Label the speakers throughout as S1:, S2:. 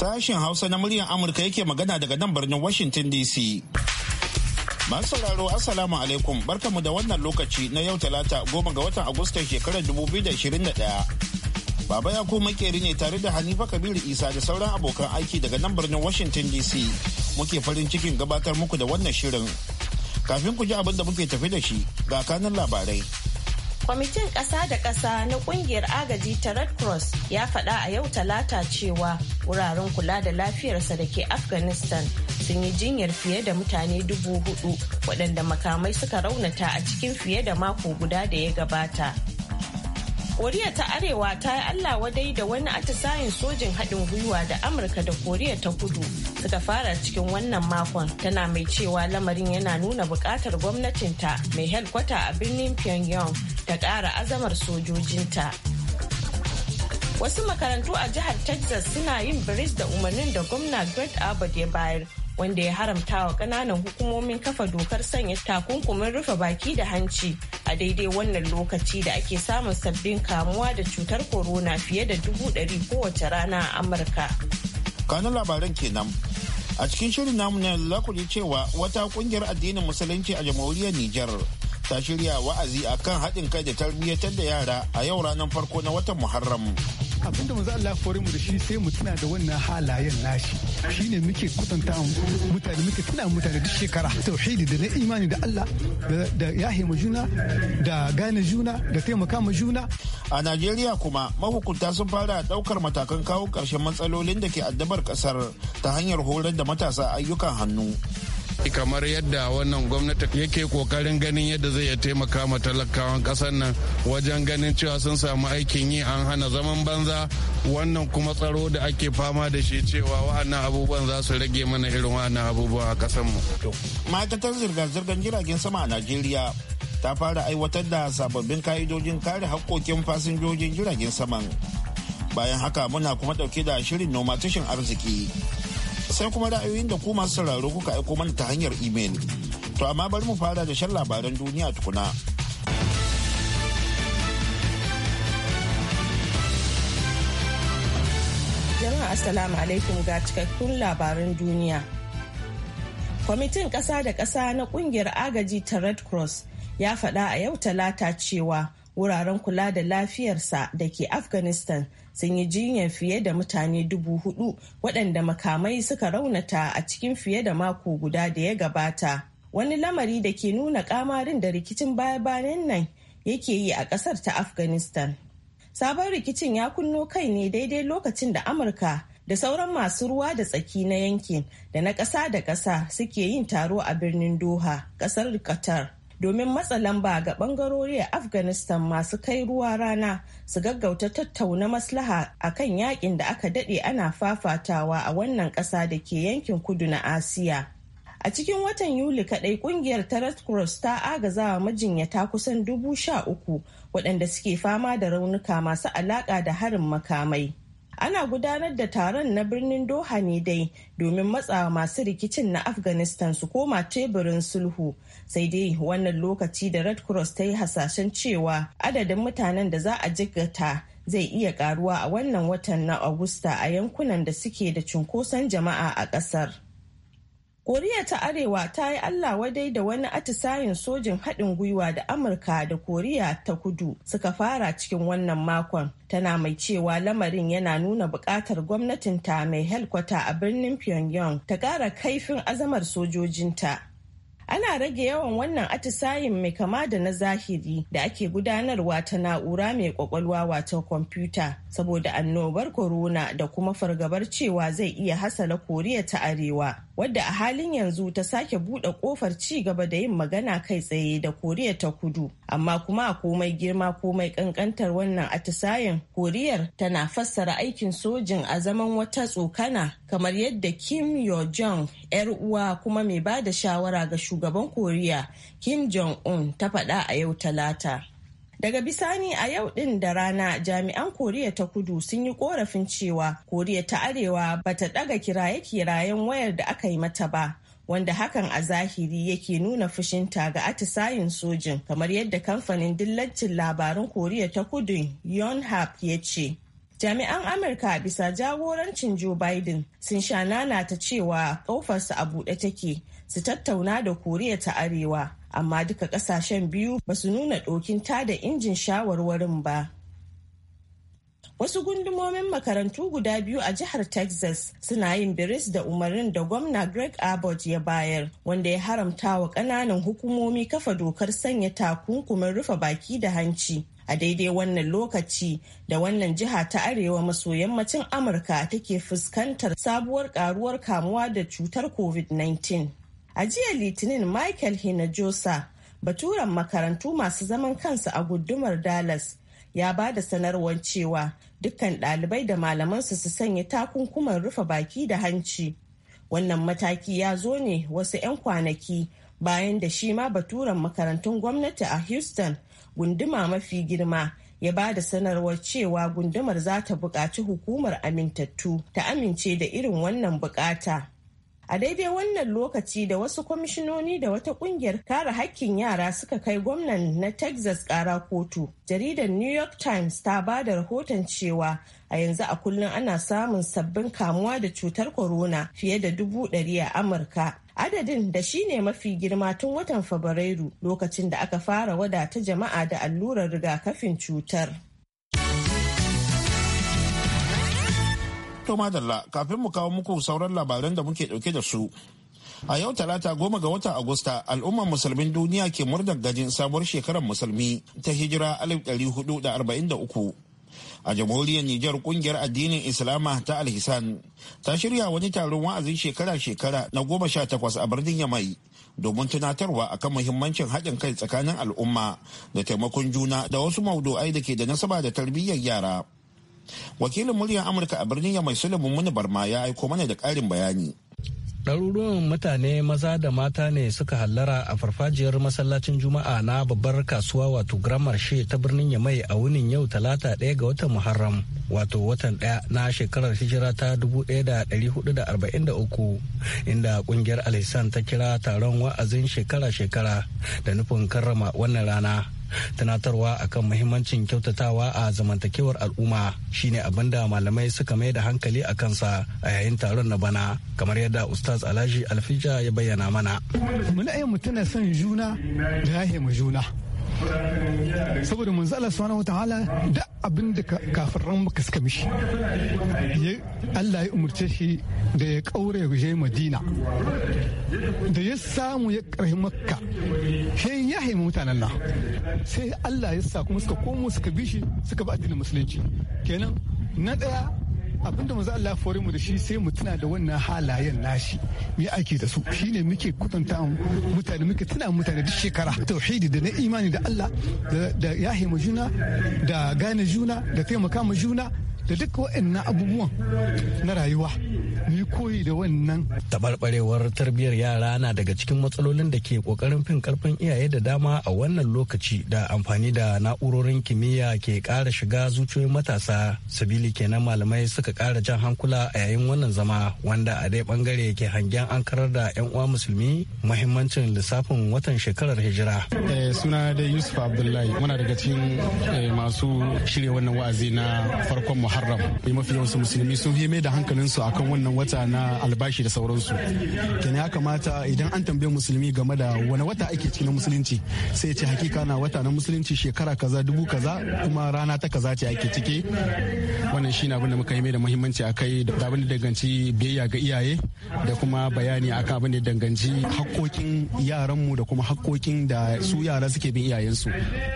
S1: Sashen Hausa na muryar Amurka yake magana daga nan birnin Washington DC. Masu sauraro Assalamu alaikum barkamu da wannan lokaci na yau talata goma ga watan Agustan shekarar 2021. Baba ya kuma makeri ne tare da Hanifa Kabiru Isa da sauran abokan aiki daga nan birnin Washington DC. Muke farin cikin gabatar muku da wannan shirin. Kafin ku ji abin da muke tafi da shi ga kanin labarai.
S2: Kwamitin ƙasa da ƙasa na ƙungiyar agaji ta Red Cross ya faɗa a yau talata cewa wuraren kula da lafiyarsa da ke Afghanistan sun yi jinyar fiye da mutane dubu hudu waɗanda makamai suka raunata a cikin fiye da mako guda da ya gabata. koriya ta arewa ta yi allah wadai da wani atisayin sojin haɗin gwiwa da amurka da koriya ta kudu suka fara cikin wannan makon tana mai cewa lamarin yana nuna buƙatar gwamnatinta mai helkwata a birnin pyongyang ta ƙara azamar sojojinta wasu makarantu a jihar texas suna yin biris da umarnin da gwamna greg abbott ya bayar wanda ya haramta wa ƙananan hukumomin kafa dokar sanya takunkumin rufe baki da hanci a daidai wannan lokaci da ake samun sabbin kamuwa da cutar corona fiye da dubu ɗari kowace rana a amurka
S1: kanun labaran kenan a cikin shirin namu na lakuri cewa wata kungiyar addinin musulunci a jamhuriyar Nijar ta shirya wa'azi akan haɗin kai da tarbiyyatar da yara a yau ranar farko na watan muharram
S3: abin da manzo Allah kore mu da shi sai mu tuna da wannan halayen nashi shine muke kutanta mutane muke tuna mutane duk shekara tauhidi da na imani da Allah da ya mu juna da gane juna da taimaka mu juna a Najeriya kuma mahukunta sun fara daukar matakan kawo
S1: karshen matsalolin da ke addabar ƙasar ta hanyar horar da matasa ayyukan hannu
S4: kamar yadda wannan gwamnati yake kokarin ganin yadda zai taimaka ma talakawan kasar nan wajen ganin cewa sun samu aikin yi an hana zaman banza wannan kuma tsaro da ake fama da shi cewa wa'annan abubuwan za su rage mana irin wa'annan abubuwa a kasar mu
S1: ma'aikatar zirga-zirgar jiragen sama a najeriya ta fara aiwatar da sababbin ka'idojin kare haƙƙoƙin fasinjojin jiragen saman bayan haka muna kuma ɗauke da shirin noma tashin arziki sai kuma ra'ayoyin da ku masu sauraro kuka aiko mana ta hanyar imel. To amma bari mu fara da shan labaran duniya tukuna.
S2: Jama'a Assalamu alaikum ga cikakkun labaran duniya. Kwamitin ƙasa da ƙasa na ƙungiyar agaji ta Red Cross ya faɗa a yau talata cewa wuraren kula da lafiyarsa da ke afghanistan sun yi jinyar fiye da mutane dubu hudu waɗanda makamai suka raunata a cikin fiye da mako guda da ya gabata wani lamari da ke nuna kamarin da rikicin baya-bayan nan yake yi a ƙasar ta afghanistan sabon rikicin ya kunno kai ne daidai lokacin da amurka da sauran masu ruwa da tsaki na yankin da na ƙasa da ƙasa suke yin taro a birnin doha ƙasar qatar domin matsa lamba ga bangarori a afghanistan masu kai ruwa rana su gaggauta tattauna maslaha a kan yakin da aka dade ana fafatawa a wannan kasa da ke yankin kudu na asiya a cikin watan yuli kadai kungiyar ta red cross ta agazawa majinyata kusan dubu sha uku waɗanda suke fama da raunuka masu alaƙa da harin makamai ana gudanar da taron na birnin doha ne dai domin matsa masu rikicin na afghanistan su koma teburin sulhu sai dai wannan lokaci da red cross ta yi hasashen cewa adadin mutanen da za a jigata zai iya karuwa a wannan watan na agusta a yankunan da suke da cunkoson jama'a a kasar. koriya ta arewa ta yi allah wadai da wani atisayen sojin haɗin gwiwa da amurka da koriya ta kudu suka fara cikin wannan makon tana mai cewa lamarin yana nuna buƙatar gwamnatinta mai helkwata a birnin pyongyang ta ƙara kaifin azamar sojojinta ana rage yawan wannan atisayin mai kama da na zahiri da ake gudanarwa ta na'ura mai kwakwalwa wato kwamfuta saboda annobar corona da kuma fargabar cewa zai iya hasala koriya ta arewa wadda a halin yanzu ta sake buɗe ƙofar ci gaba da yin magana kai tsaye da koriya ta kudu amma kuma a komai girma komai ƙanƙantar wannan atisayen koriyar tana fassara aikin sojin a zaman wata tsokana kamar yadda kim yo jong yar uwa kuma mai ba da shawara ga shugaban koriya kim jong un ta faɗa a yau talata Daga bisani a yau din da rana jami'an Koriya ta kudu sun yi korafin cewa Koriya ta Arewa bata ɗaga kiraye-kirayen wayar da aka yi mata ba. wanda hakan a zahiri yake nuna fushinta ga atisayin sojin kamar yadda kamfanin dillancin labarun koriya ta kudu yonhap ya ce jami'an amurka bisa jagorancin joe biden sun sha nana ta cewa ƙofarsa a buɗe take su tattauna da koriya ta arewa amma duka kasashen biyu ba su nuna ɗokin da injin shawarwarin ba wasu gundumomin makarantu guda biyu a jihar texas suna yin biris da umarnin da gwamna greg abbott ya bayar wanda ya haramta wa ƙananan hukumomi kafa dokar sanya takunkumin rufe baki da hanci a daidai wannan lokaci da wannan jiha ta arewa maso yammacin amurka take fuskantar sabuwar karuwar kamuwa da cutar covid-19 A jiya Litinin Michael Hinojosa, baturen makarantu masu zaman kansu a gundumar Dallas, ya ba da sanarwar cewa dukkan ɗalibai da malamansu su sanya takunkuman rufe baki da hanci. Wannan mataki ya zo ne wasu 'yan kwanaki bayan da shi ma baturen makarantun gwamnati a Houston, gunduma mafi girma, ya ba da sanarwar cewa gundumar za ta buƙaci hukumar amintattu ta amince da irin wannan buƙata. a daidai wannan lokaci da wasu kwamishinoni da wata kungiyar kare hakkin yara suka kai gwamnan na texas kara kotu jaridar new york times ta ba da rahoton cewa a yanzu a kullum ana samun sabbin kamuwa da cutar corona fiye da dubu ɗari a amurka adadin da shi ne mafi girma tun watan fabrairu lokacin da aka fara wadata jama'a da allurar rigakafin cutar
S1: To madalla kafin mu kawo muku sauran labaran da muke dauke da su. A yau talata goma ga watan Agusta al'ummar musulmin duniya ke murnar gajin sabuwar shekarar musulmi ta hijira da da arba'in uku. a jamhuriyar Nijar kungiyar addinin Islama ta Alhisan ta shirya wani taron wa'azin shekara-shekara na goma sha takwas a birnin Yamai domin tunatarwa akan muhimmancin haɗin kai tsakanin al'umma da taimakon juna da wasu maudu'ai da ke da nasaba da tarbiyyar yara. wakilin muryar amurka a birnin ya mai sulaimun muni barma ya aiko mana da karin bayani
S5: ɗaruruwan mutane maza da mata ne suka hallara a farfajiyar masallacin juma'a na babbar kasuwa wato gramar she ta birnin yamai a wunin yau talata ɗaya ga watan muharram wato watan ɗaya na shekarar hijira ta 1443 inda ƙungiyar alisan ta kira taron wa'azin shekara-shekara da nufin karrama wannan rana tunatarwa akan muhimmancin kyautatawa a zamantakewar al'umma shine abin da malamai suka mai da hankali a kansa a yayin taron na bana kamar yadda ustaz alhaji alfija ya bayyana mana
S3: muna mutum mutuna son juna da mu juna saboda zala Allah wata hala da abin da kafirran muka suka mishi Allah ya umarce shi da ya kaure ya Madina da ya samu ya karhi Makka sai ya haimu mutanen nan sai Allah ya sa kuma suka komo suka bi shi suka ba addinin musulunci kenan na daya Abin abinda manzo Allah fore mu da shi sai mu tuna da wannan halayen nashi me ake da su shine muke kutanta mutane muke tuna mutane duk shekara tauhidi da na imani da Allah da yahe mu juna da gane juna da taimaka mu juna da duk waɗannan abubuwan na rayuwa ni koyi da wannan
S5: tabarbarewar tarbiyyar yara na daga cikin matsalolin da ke kokarin fin karfin iyaye da dama a wannan lokaci da amfani da na'urorin kimiyya ke kara shiga zuciyoyin matasa sabili kenan malamai suka kara jan hankula a yayin wannan zama wanda a dai bangare ke hangen an karar da 'yan uwa musulmi muhimmancin lissafin watan shekarar hijira
S1: eh, suna da yusuf abdullahi muna daga cikin eh, masu shirya wannan wa'azi na farkon muhammad muharram mafi yawansu musulmi sun fi mai
S3: da hankalinsu akan wannan wata na albashi da sauransu kenan ya kamata idan an tambaye musulmi game da wani wata ake ciki musulunci sai ce hakika na wata na musulunci shekara kaza dubu kaza kuma rana ta kaza ce ake ciki
S1: wannan shine abin da muka yi mai da muhimmanci a kai da abin da danganci biyayya ga iyaye da kuma bayani a kan abin da danganci hakkokin yaranmu da kuma hakkokin da su yara suke bin iyayensu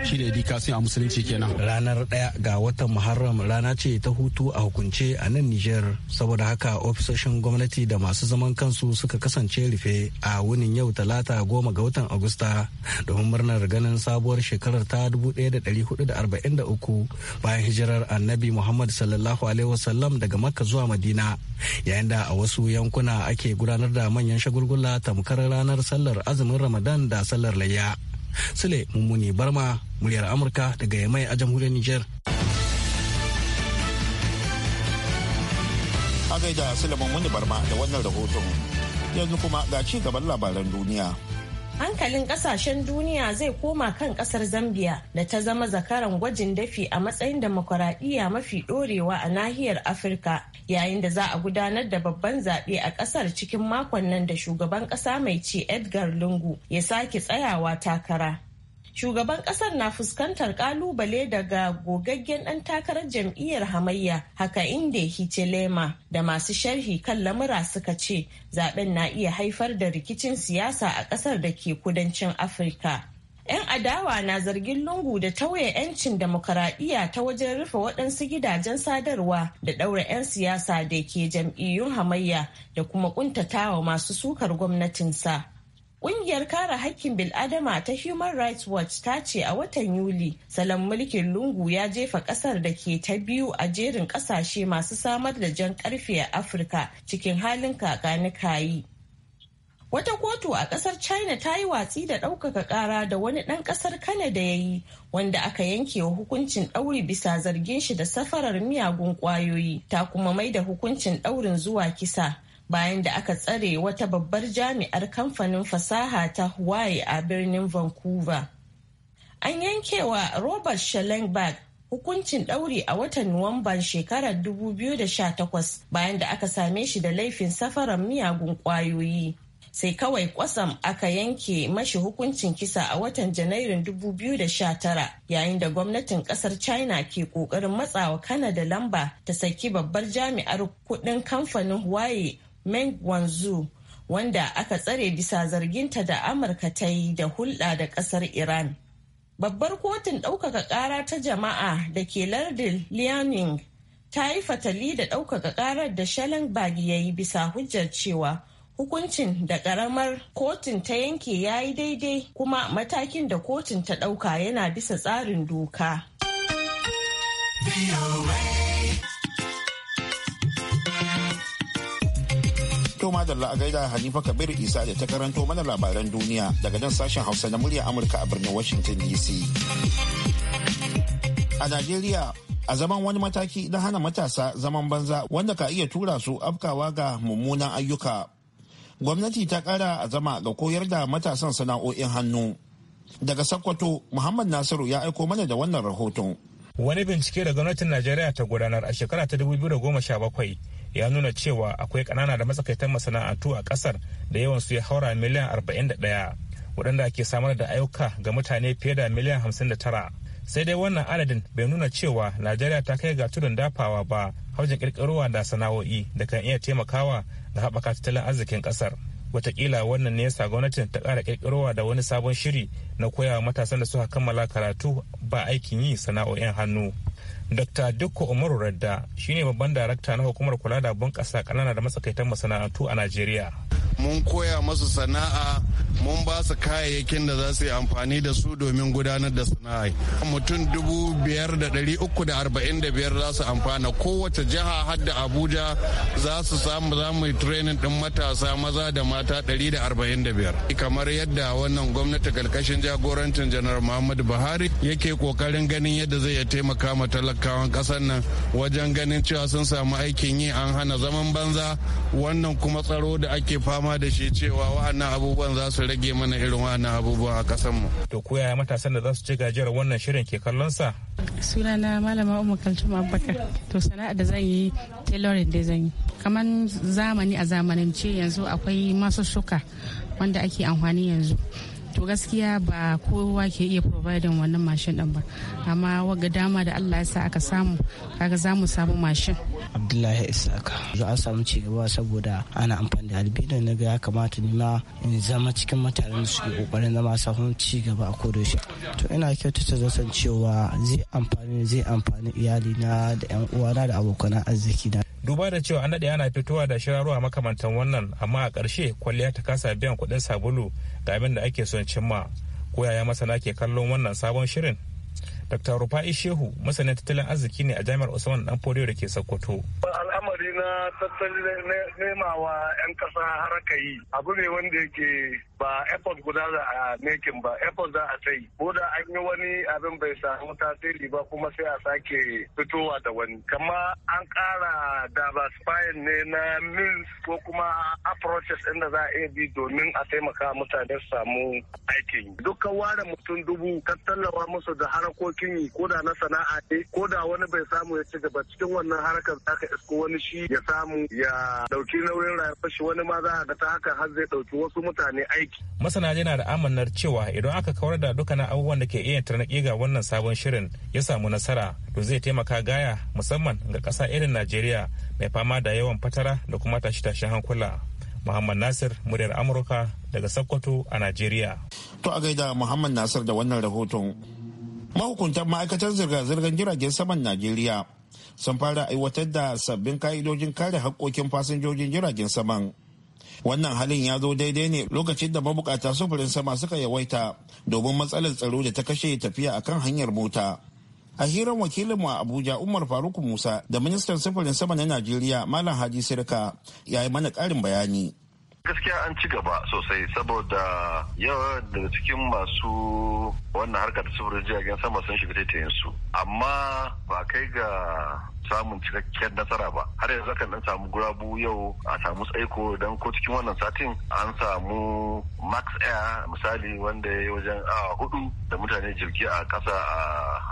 S1: shine education a musulunci kenan
S5: ranar daya ga watan muharram rana ce ta hutu a hukunce a nan Nijar saboda haka ofisoshin gwamnati da masu zaman kansu suka kasance rufe a wunin yau talata goma ga watan Agusta domin murnar ganin sabuwar shekarar ta 1443 bayan hijirar annabi Muhammad sallallahu alaihi wasallam daga Makka zuwa Madina yayin da a wasu yankuna ake gudanar da manyan shagulgula tamkar ranar sallar azumin Ramadan da sallar layya. Sule Mummuni Barma, muryar Amurka daga Yamai a jamhuriyar Nijar.
S1: gaida Sulaiman wani Barma da wannan rahoton. Yanzu kuma ga ci gaban labaran duniya.
S2: Hankalin kasashen duniya zai koma kan kasar Zambia da ta zama zakaran gwajin dafi a matsayin demokuraɗiyya mafi ɗorewa a nahiyar Afirka yayin da za a gudanar da babban zaɓe a ƙasar cikin makon nan da shugaban ƙasa mai ci Edgar Lungu ya sake tsayawa takara. shugaban kasar na fuskantar kalubale daga gogaggen dan takarar jam'iyyar hamayya haka inda hichelema da masu sharhi kan lamura suka ce zaben na iya haifar da rikicin siyasa a kasar da ke kudancin afirka 'Yan adawa na zargin lungu da tauye 'yancin demokaradiyya ta wajen rufe waɗansu gidajen sadarwa da ɗaura 'yan siyasa da ke jam'iyyun hamayya da kuma ƙuntatawa masu sukar gwamnatinsa. Ƙungiyar kare hakkin bil'adama ta Human Rights Watch ta ce a watan Yuli, salon mulkin lungu ya jefa ƙasar da ke ta biyu a jerin ƙasashe masu samar da jan ƙarfe a Afirka cikin halin kakanikayi. Wata kotu a ƙasar China ta yi watsi da ɗaukaka ƙara da wani ɗan ƙasar Kanada ya yi wanda aka yanke wa hukuncin ɗauri bisa zargin shi da safarar miyagun ƙwayoyi ta kuma mai da hukuncin ɗaurin zuwa kisa. bayan da aka tsare wata babbar jami'ar kamfanin fasaha ta Hawaii a birnin Vancouver. An yankewa Robert Schellenberg hukuncin ɗauri a watan Nuwamban shekarar 2018 bayan da aka same shi da laifin safarar miyagun ƙwayoyi. Sai kawai kwasam aka yanke mashi hukuncin kisa a watan Janairun 2019 yayin da gwamnatin kasar China ke kokarin matsawa kanada lamba ta saki babbar jami'ar kudin kamfanin Hawaii meng wanzu wanda aka tsare bisa zarginta da amurka ta yi da hulɗa da ƙasar iran babbar kotun ɗaukaka ƙara ta jama'a da ke lardin liaoning ta yi fatali da ɗaukaka ƙarar da bagi ya yi bisa hujjar cewa hukuncin da ƙaramar kotun ta yanke ya yi daidai kuma matakin da kotun ta ɗauka yana bisa tsarin doka.
S1: To madalla a gaida Hanifa Kabir Isa da ta karanto mana labaran duniya daga nan sashen Hausa na murya Amurka a birnin Washington DC. A Najeriya a zaman wani mataki na hana matasa zaman banza wanda ka iya tura su afkawa ga mummunan ayyuka. Gwamnati ta kara a zama ga koyar da matasan sana'o'in hannu. Daga Sokoto, Muhammad Nasiru ya aiko mana da wannan
S6: rahoton. Wani bincike da gwamnatin Najeriya ta gudanar a shekara ta 2017 ya nuna cewa akwai kanana da matsakaitan masana'antu a kasar da yawan su ya haura miliyan 41 waɗanda ke samar da ayyuka ga mutane fiye da miliyan 59 sai dai wannan aladin bai nuna cewa najeriya ta kai ga tudun dafawa ba haujin ƙirƙirowa da sana'o'i da kan iya taimakawa da haɓaka tattalin arzikin kasar watakila wannan ne yasa gwamnatin ta ƙara ƙirƙirowa da wani sabon shiri na koyawa matasan da suka kammala karatu ba aikin yi sana'o'in hannu Dr. Dukko Umaru Radda shine babban darakta na hukumar kula da bunƙasa ƙanana da matsakaitan masana'antu a Najeriya.
S4: mun koya masu sana'a mun ba su kayayyakin da za su yi amfani da su domin gudanar da sana'a mutum dubu biyar da ɗari uku da arba'in da biyar za su amfana kowace jiha har da abuja za su samu za mu training din matasa maza da mata ɗari da arba'in da biyar kamar yadda wannan gwamnati karkashin jagorancin janar muhammadu buhari yake kokarin ganin yadda zai taimaka ma talakawan ƙasar nan wajen ganin cewa sun samu aikin yi an hana zaman banza wannan kuma tsaro da ake fama da shi cewa wa'annan abubuwan za su rage mana irin wa'annan abubuwa a kasan mu
S6: to ko yaya matasan da za su ci gajiyar wannan shirin ke kallon sa
S2: sunana malama Umar kaltum abubakar to sana'a da zan yi tailoring da zan yi kamar zamani a zamanance yanzu akwai masu suka wanda ake amfani yanzu to gaskiya ba kowa ke iya providing wannan mashin din ba amma waga dama da Allah ya sa aka samu kaga za mu samu mashin Abdullahi Isaka za a samu ci gaba saboda ana amfani da albino na ga ya kamata ni ma in zama cikin mutanen su ke kokarin zama samun ci gaba a shi. to ina kyautata zaton cewa zai amfani zai amfani iyali na da yan uwana da abokan arziki na
S6: duba da cewa an daɗe ana fitowa da shirarwa makamantan wannan amma a ƙarshe kwalliya ta kasa biyan kuɗin sabulu ga abin da ake son cimma ko yaya masana ke kallon wannan sabon shirin dr rufa'i shehu masanin tattalin arziki ne a jami'ar usman dan foriyo da ke sokoto
S4: al'amari na tattalin nema wa 'yan ƙasa harakayi abu ne wanda yake ba effort guda za a nekin ba effort za a sai ko da an yi wani abin bai samu tasiri ba kuma sai a sake fitowa da wani kama an kara diversifying ne na means ko kuma approaches inda za a iya bi domin a taimaka mutane su
S7: samu aikin
S4: dukkan ware mutum dubu tallawa musu da harakokin yi ko da na sana'a ne ko da wani bai samu ya ci gaba cikin wannan harkar za ka isko wani shi ya samu ya dauki nauyin rayuwar shi wani ma za a ga ta haka har zai ɗauki wasu mutane aiki aiki. Masana
S6: yana da amanar cewa idan aka kawar da dukkanin abubuwan da ke iya tarnaƙi ga wannan sabon shirin ya samu nasara to zai taimaka gaya musamman ga ƙasa irin Najeriya mai fama da yawan fatara da kuma tashi-tashin hankula. Muhammad Nasir muryar Amurka daga Sokoto a Najeriya.
S1: To a gaida Muhammad Nasir da wannan rahoton. Mahukuntan ma'aikatar zirga-zirgar jiragen saman Najeriya sun fara aiwatar da sabbin ka'idojin kare haƙƙoƙin fasinjojin jiragen saman wannan halin ya zo daidai ne lokacin da mabukata sufurin sama suka yawaita domin matsalar tsaro da ta kashe tafiya akan hanyar mota a hirar wakilinmu a abuja umar faruk musa da ministan sufurin sama na najeriya malam hadi sirka ya yi mana karin bayani
S4: gaskiya an ci gaba sosai saboda yawa daga cikin masu wannan harkar sufurin jiragen sama sun shiga taitayin su amma ba kai ga samun cikakkiyar nasara ba har yanzu kan dan samu gurabu yau a samu tsaiko dan ko cikin wannan satin an samu max air misali wanda ya yi wajen a hudu da mutane jirgi a kasa a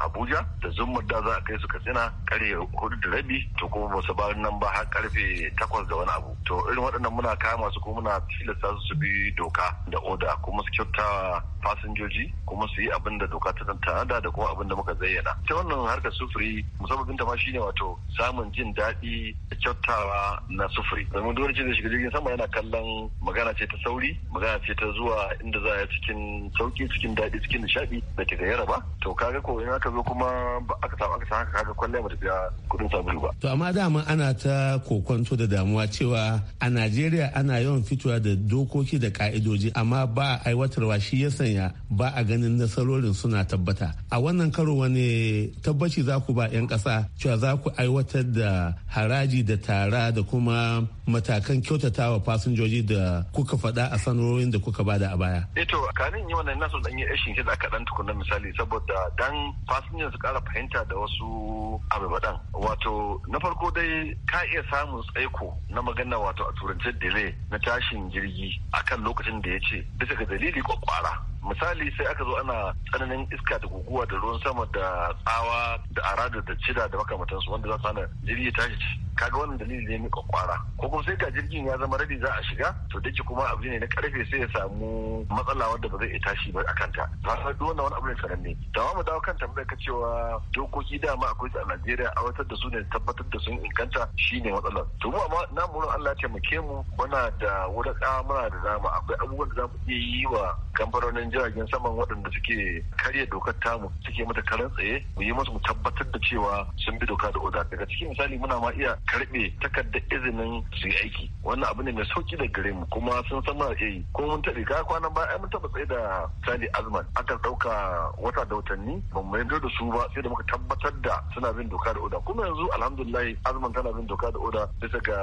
S4: abuja da zumar da za a kai su katsina kare hudu da rabi to kuma ba su bayan nan ba har karfe takwas da wani abu to irin waɗannan muna kama su ko muna tilasta su su bi doka da oda kuma su kyauta fasinjoji kuma su yi abin da doka ta tanada da kuma abin da muka zayyana ta wannan harkar sufuri musamman ta ma shine wato wato samun jin daɗi da kyautawa na sufuri domin duk wani da shiga jirgin sama yana kallon magana ce ta sauri magana ce ta zuwa inda za a cikin sauki cikin daɗi cikin nishaɗi da ke gayyara ba to kaga ko in aka zo kuma ba aka samu aka haka kaga kwalle ba ta biya kuɗin sabulu ba.
S1: to amma dama ana ta kokonto da damuwa cewa a najeriya ana yawan fitowa da dokoki da ka'idoji amma ba aiwatarwa shi ya sanya ba a ganin nasarorin suna tabbata a wannan karo wani tabbaci za ku ba 'yan ƙasa cewa za ku aiwatar da haraji da tara da kuma matakan kyautata wa fasinjoji da kuka faɗa a sanarorin da kuka bada a baya.
S4: Eto eh kanin yi wannan nasu danyi yi ashin kiɗa kaɗan tukuna misali saboda dan fasinjan su ƙara fahimta da wasu abu Wato na farko dai ka iya samun tsaiko na magana wato a turance dele na tashin jirgi akan lokacin da ya ce bisa ga dalili kwakwara. misali sai aka zo ana tsananin iska da guguwa da ruwan sama da tsawa da arada da cida da makamantansu wanda za su hana jirgi tashi kaga wannan dalili ne mai kwakwara ko kuma sai ga jirgin ya zama rabi za a shiga to dake kuma abu ne na karfe sai ya samu matsala wanda ba zai iya tashi ba a kanta ba sai duk wannan wani abu ne sananne da ma mu dawo kan tambayar ka cewa dokoki dama akwai a Najeriya a watar da su ne tabbatar da sun inganta shine matsalar to mu amma na mu Allah taimake mu muna da wuraka ah, muna da dama akwai abubuwan da za mu iya yi wa kamfanonin jiragen saman waɗanda suke karya dokar tamu suke mata karan tsaye mu yi masu mu tabbatar da cewa sun bi doka da oda daga cikin misali muna ma iya karɓe takardar izinin su yi aiki wannan abu ne mai sauki da gare mu kuma sun san muna iya yi ko mun ga ka kwanan baya mun taɓa tsaye da sali azman aka ɗauka wata da watanni ba mu yarda da su ba sai da muka tabbatar da suna bin doka da oda kuma yanzu alhamdulillah azman tana bin doka da oda bisa ga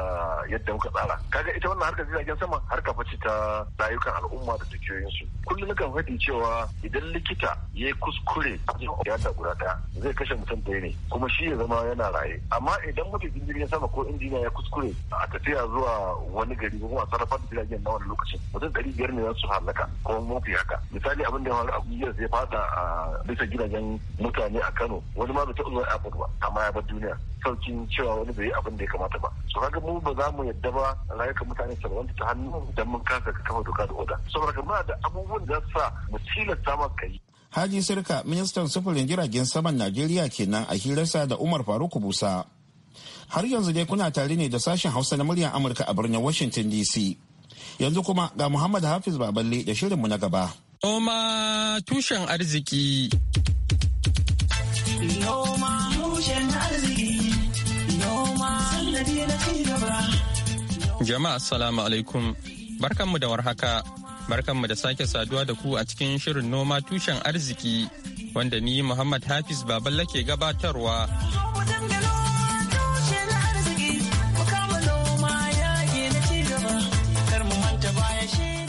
S4: yadda muka tsara kaga ita wannan harkar jiragen sama harka ce ta rayukan al'umma da dukiyoyinsu kullum nakan faɗi cewa idan likita ya yi kuskure ya ta guda ɗaya zai kashe mutum ɗaya ne kuma shi ya zama yana raye amma idan mutum jirgin sama ko injiniya ya kuskure a tafiya zuwa wani gari ko kuma sarrafa jiragen na wani lokacin mutum ɗari biyar ne za su halaka ko mafi haka misali abin da ya faru a biyar zai fada a bisa gidajen mutane a Kano wani ma bai taɓa zuwa airport ba amma ya bar duniya saukin cewa wani bai yi abin da ya kamata ba so kaga mu ba za mu yadda ba rayuka mutane saba'in ta hannu idan mun kasa kafa doka da oda saboda kamar da abubuwan
S2: da sa mu
S1: tilasta maka yi. Haji Sirka ministan sufurin jiragen saman Najeriya kenan a hirarsa da Umar Faruk Busa. Har yanzu dai kuna tare ne da sashen Hausa na muryar Amurka a birnin Washington DC. Yanzu kuma ga Muhammad Hafiz Baballe da mu na
S7: gaba. Noma tushen arziki. Jama'a assalamu alaikum. Barkanmu da warhaka. Barkanmu da sake saduwa da ku a cikin shirin noma tushen arziki wanda ni Muhammad Hafiz Baballa ke gabatarwa.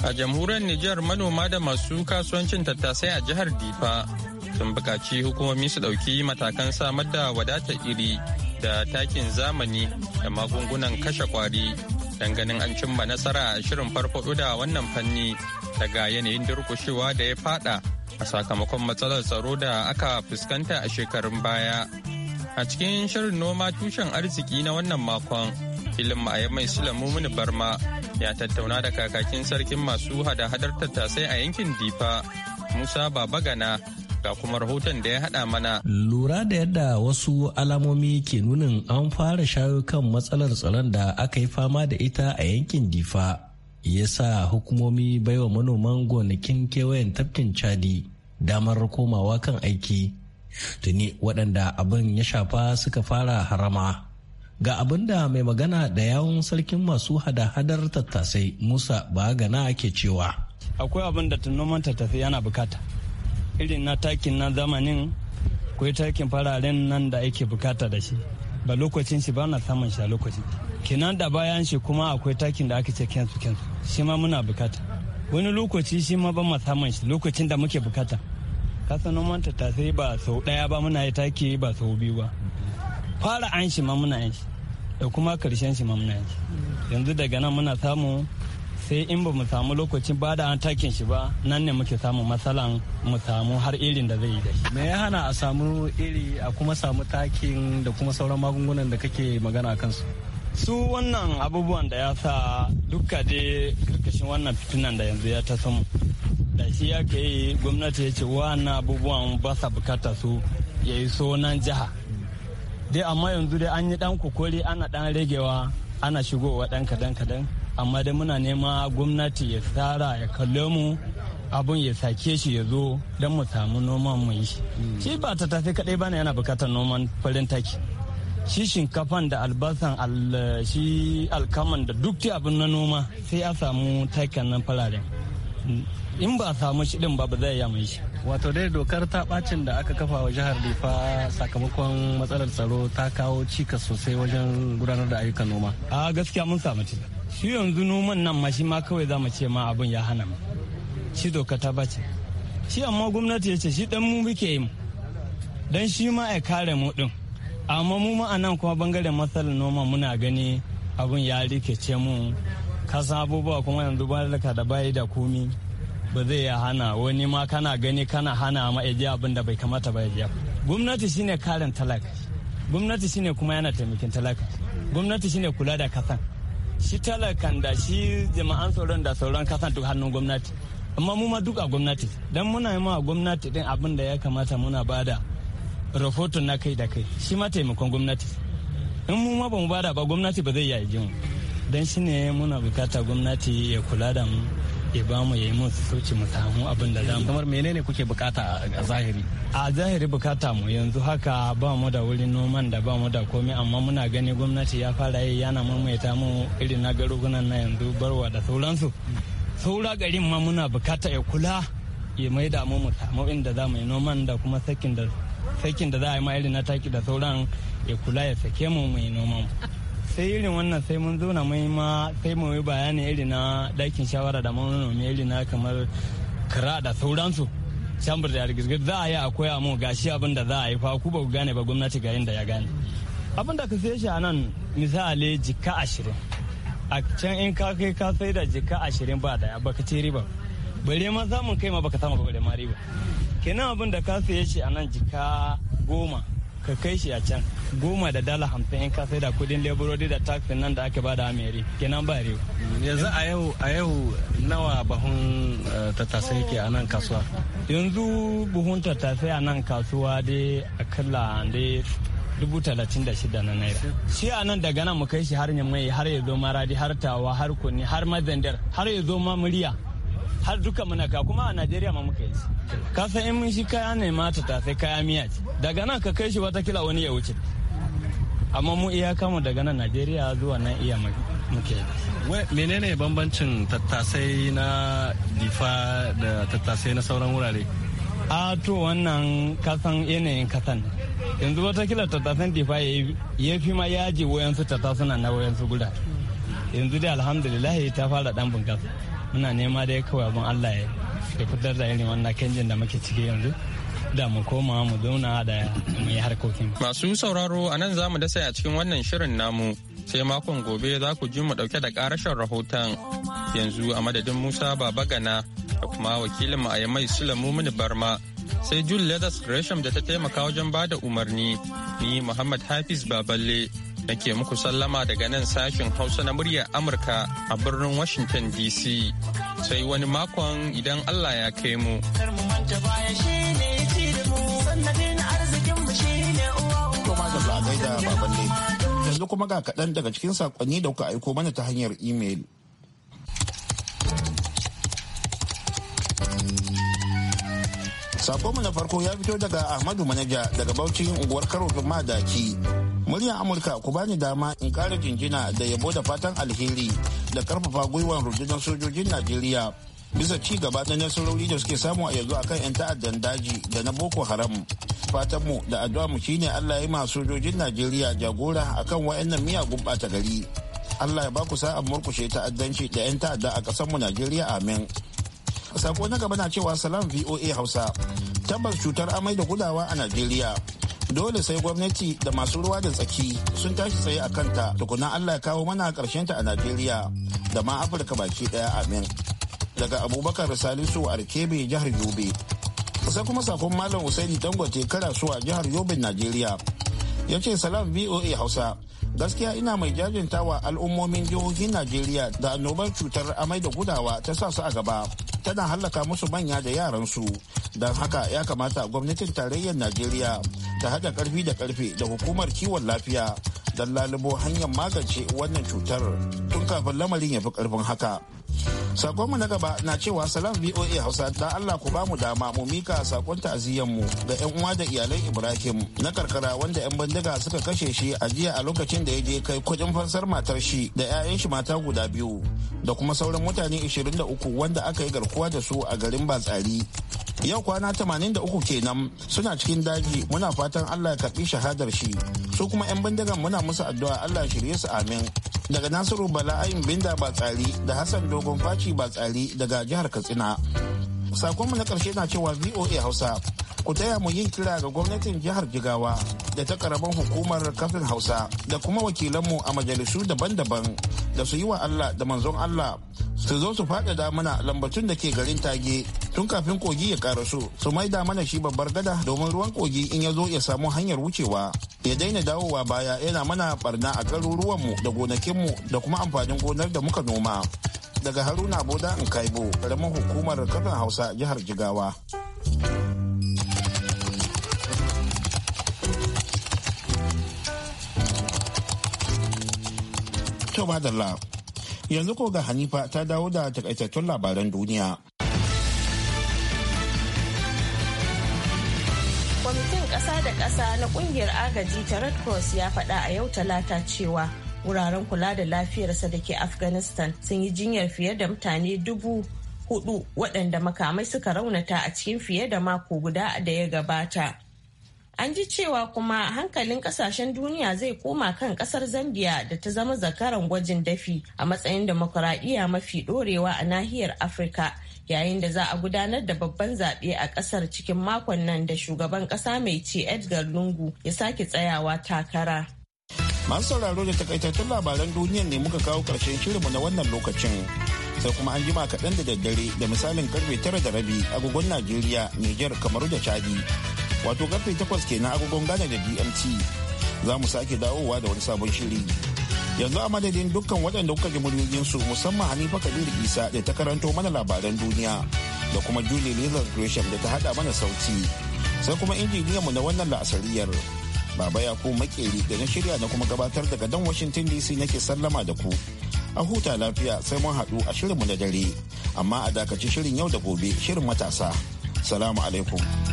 S7: A jamhuriyar Nijar manoma da masu kasuwancin tattasai a jihar Difa sun bukaci hukumomi su dauki matakan samar da wadatar iri da takin zamani da magungunan kashe kwari don ganin an cimma nasara a shirin farfaɗo da wannan fanni daga yanayin durkushewa da ya fada a sakamakon matsalar tsaro da aka fuskanta a shekarun baya. A cikin shirin noma tushen arziki na wannan makon, filin mai silamu Mini Barma ya tattauna da kakakin sarkin masu hada-hadar tattasai a yankin Difa, Musa Babagana ga kuma rahoton da ya haɗa mana.
S5: Lura da yadda wasu alamomi ke nunin an fara shayo kan matsalar tsaron da aka yi fama da ita a yankin Difa. Ya sa hukumomi baiwa manoman gonakin kewayen tafkin Chadi damar komawa kan aiki. Tuni waɗanda abin ya shafa suka fara harama. ga abin da mai magana da yawon sarkin masu hada-hadar tattasai musa bagana ke cewa
S8: akwai abin da noman tafi yana bukata irin na takin na zamanin ko takin fararen nan da ake bukata da shi ba lokacin shi ba na samun shi a lokacin kinan da bayan shi kuma akwai takin da aka ce kensu kensu shi ma muna bukata wani lokaci shi ma ba mu samun shi lokacin da muke bukata kasan noman ta sai ba sau daya ba muna yi taki ba sau biyu ba fara an shi ma muna yin shi da kuma karshen shi ma muna yin shi yanzu daga nan muna samu sai in ba mu samu lokacin ba da an takin shi ba nan ne muke samu matsalan mu samu har irin da zai yi da shi
S5: me ya hana a samu iri a kuma samu takin da kuma sauran magungunan da kake magana kansu
S8: su wannan abubuwan da ya sa dukka dai karkashin wannan fitinan da yanzu ya ta samu da shi ya ke yi gwamnati ya ce wannan abubuwan ba sa bukata su ya yi so nan jiha dai amma yanzu dai an yi dan kokori ana dan ragewa ana shigowa dan kadan kadan amma dai muna nema gwamnati ya tsara ya kalle mu abun ya sake shi ya zo don mu samu noman mu yi hmm. shi ba ta tafi kadai bane yana bukatar noman farin taki shi shinkafan da albasan shi alkaman da duk abin na noma sai a samu takin nan fararen in ba a samu shi din ba ba zai yamu shi wato dai dokar ta bacin da aka kafa wa jihar Rifa
S5: sakamakon matsalar tsaro ta kawo cikas sosai wajen gudanar da ayyukan noma
S8: a gaskiya mun samu cikas shi yanzu noman nan ma shi ma kawai za mu ce ma abin ya hana mu shi doka ta bace shi amma gwamnati ya ce shi dan mu muke yi dan shi ma ya kare mu din amma mu ma anan kuma bangaren matsalar noma muna gani abin ya rikice mu kasa abubuwa kuma yanzu ba da da bayi da komi ba zai ya hana wani ma kana gani kana hana ma ya abin da bai kamata ba ya gwamnati shine karin talaka gwamnati shine kuma yana taimakin talaka gwamnati shine kula da kasan shi talakan da shi jama'an tsaron da sauran kasan duk hannun gwamnati amma mu ma duk a gwamnati don muna yi ma gwamnati din abin da ya kamata muna bada rahoton na kai da kai shi ma taimakon gwamnati in mu ma ba mu bada ba gwamnati ba zai yi mu don shi ne muna bukata gwamnati ya kula da mu ya ba mu yayi mun sauci mu samu abin da zamu kamar menene kuke bukata a zahiri a zahiri bukata mu yanzu haka ba mu da wurin noman da ba mu da komai amma muna gani gwamnati ya fara yi yana mamaita mu irin na garugunan na yanzu barwa da sauransu saura garin ma muna bukata ya kula ya mai da mu mu samu inda za yi noman da kuma sakin da sakin da za a yi ma irin na taki da sauran ya kula ya sake mu mu yi noman sai irin wannan sai mun zauna mai ma sai mu yi bayani irin na dakin shawara da manomi irin na kamar kara da sauransu chamber da girgir za a yi a koya mu gashi abin da za a yi fa ku ba ku gane ba gwamnati ga da ya gane abin da ka sai shi a nan misali jika ashirin a can in ka kai ka sai da jika ashirin ba daya baka ci riba bare ma samun kai ma baka samu bare ma riba kenan abin da ka sai shi a nan jika goma ka kai shi a can goma da dala hamsin in ka da kudin leburodi da taxi nan da ake bada ameri kenan ba rewa yanzu a yau a yau
S5: nawa bahun eh, tattasai yake
S8: a nan kasuwa yanzu buhun tattasai a nan kasuwa dai akalla da dubu talatin da shida na naira shi a nan daga nan mu kai shi har nyamai, har ya zo maradi har tawa har kunni har mazandar har ya zo ma murya har duka muna ka kuma a najeriya ma muka yi su ka san in mun shi kaya ne ma ta tafe kaya miya ce daga nan ka kai shi wata kila wani ya wuce amma mu iya kama daga nan najeriya zuwa nan iya muke menene bambancin tattasai na difa da tattasai na sauran wurare a to wannan kasan yanayin kasan yanzu watakila tattasan difa ya fi ma yaji wayansu tattasuna na wayansu guda yanzu dai alhamdulillah ta fara dan bunkasa muna nema dai kawai abin allah ya fitar da irin wannan kenjin da muke ciki yanzu da mu koma mu zauna da mu yi harkokin
S7: masu sauraro a nan za mu dasa a cikin wannan shirin namu sai makon gobe za ku ji mu dauke da karashin rahoton yanzu a madadin musa baba gana da kuma wakilin a mai sulamu mini barma sai jul leathers gresham da ta taimaka wajen bada umarni ni muhammad hafiz baballe nake muku sallama daga nan sashen Hausa na muryar Amurka a birnin Washington DC. Sai wani makon idan Allah ya kai mu.
S1: Yanzu kuma ga kaɗan daga cikin saƙonni da kuka aiko mana ta hanyar imel. Sakonmu na farko ya fito daga Ahmadu Manaja daga Bauchi unguwar Karo Madaki. muryar amurka ku bani dama in kara jinjina da yabo da fatan alheri da karfafa gwiwar rundunar sojojin najeriya bisa ci gaba na nasarori da suke samu a yanzu akan 'yan ta'addan daji da na boko haram fatanmu da addu'a mu shine allah ya ma sojojin najeriya jagora akan wayannan miyagun bata gari allah ya baku sa'an murkushe ta'addanci da 'yan ta'adda a mu najeriya amin sako na gaba na cewa salam voa hausa tabbas cutar amai da gudawa a najeriya dole sai gwamnati da masu ruwa da tsaki sun tashi tsaye a kanta tukuna allah ya kawo mana karshen ta a najeriya da ma afirka baki daya amin daga abubakar salisu arkebe jihar yobe sai kuma sakon malam usaini dangote karasuwa jihar yobe najeriya Yace salam voa hausa gaskiya ina mai jajintawa al'ummomin jihohin najeriya da annobar cutar amai da gudawa ta sa su a gaba tana hallaka musu manya da yaransu don haka ya kamata gwamnatin tarayyar najeriya ta haɗa ƙarfi da ƙarfe da hukumar kiwon lafiya don lalubo hanyar magance wannan cutar tun kafin lamarin ya fi ƙarfin haka Sakonmu na gaba na cewa salam VOA Hausa da Allah ku bamu dama mu mika sakon mu ga 'yan uwa da iyalan Ibrahim na karkara wanda 'yan bindiga suka kashe shi a jiya a lokacin da ya je kai kudin fansar matar shi da 'ya'yan shi mata guda biyu da kuma sauran mutane 23 wanda aka yi garkuwa da su a garin Batsari yau kwana 83 kenan suna cikin daji muna fatan allah ya karbi shahadar shi su kuma 'yan bindigan muna musu addu'a allah shirye su amin daga nasiru bala'ayin binda batsari da hassan dogon faci batsari daga jihar katsina sakonmu na ƙarshe na cewa voa hausa ku taya mu yin kira ga gwamnatin jihar jigawa da ta karaban hukumar kafin hausa da kuma wakilanmu a majalisu daban-daban da su yi wa allah da manzon allah su zo su faɗaɗa mana lambatun da ke garin tage tun kafin kogi ya karasu su maida mana shi babbar gada domin ruwan kogi in ya zo ya samu hanyar wucewa ya daina dawowa baya yana mana barna a garuruwanmu da gonakinmu da kuma amfanin gonar da muka noma daga haruna boda in kaibo karamin hukumar kafin hausa jihar jigawa yanzu ko ga hanifa ta dawo da takaitattun labaran duniya
S2: kwamitin ƙasa da ƙasa na ƙungiyar agaji ta red cross ya faɗa a yau talata cewa wuraren kula da lafiyarsa da ke afghanistan sun yi jinyar fiye da mutane dubu hudu waɗanda makamai suka raunata a cikin fiye da mako guda da ya gabata an ji cewa kuma hankalin kasashen duniya zai koma kan kasar zambia da ta zama zakaran gwajin dafi a matsayin demokuraɗiyya mafi ɗorewa a nahiyar afirka yayin da za a gudanar da babban zaɓe a ƙasar cikin makon nan da shugaban ƙasa mai ci edgar lungu ya sake tsayawa takara
S1: masu sauraro da takaitattun labaran duniya ne muka kawo karshen shirinmu na wannan lokacin sai kuma an jima kaɗan da daddare da misalin karfe tara da rabi agogon najeriya niger kamaru da chadi wato karfe takwas kenan agogon ghana da bmt za mu sake dawowa da wani sabon shiri yanzu a madadin dukkan waɗanda kuka ji muryoyinsu musamman hanifa kabiru isa da ta karanto mana labaran duniya da kuma julie lizard gresham da ta haɗa mana sauti sai kuma injiniyanmu na wannan la'asariyar Baba ya Yakubu Makeri da na shirya na kuma gabatar daga dan Washington DC nake sallama da ku. A huta lafiya sai mun haɗu a shirinmu na dare, amma a dakaci shirin yau da gobe shirin matasa. Salamu alaikum.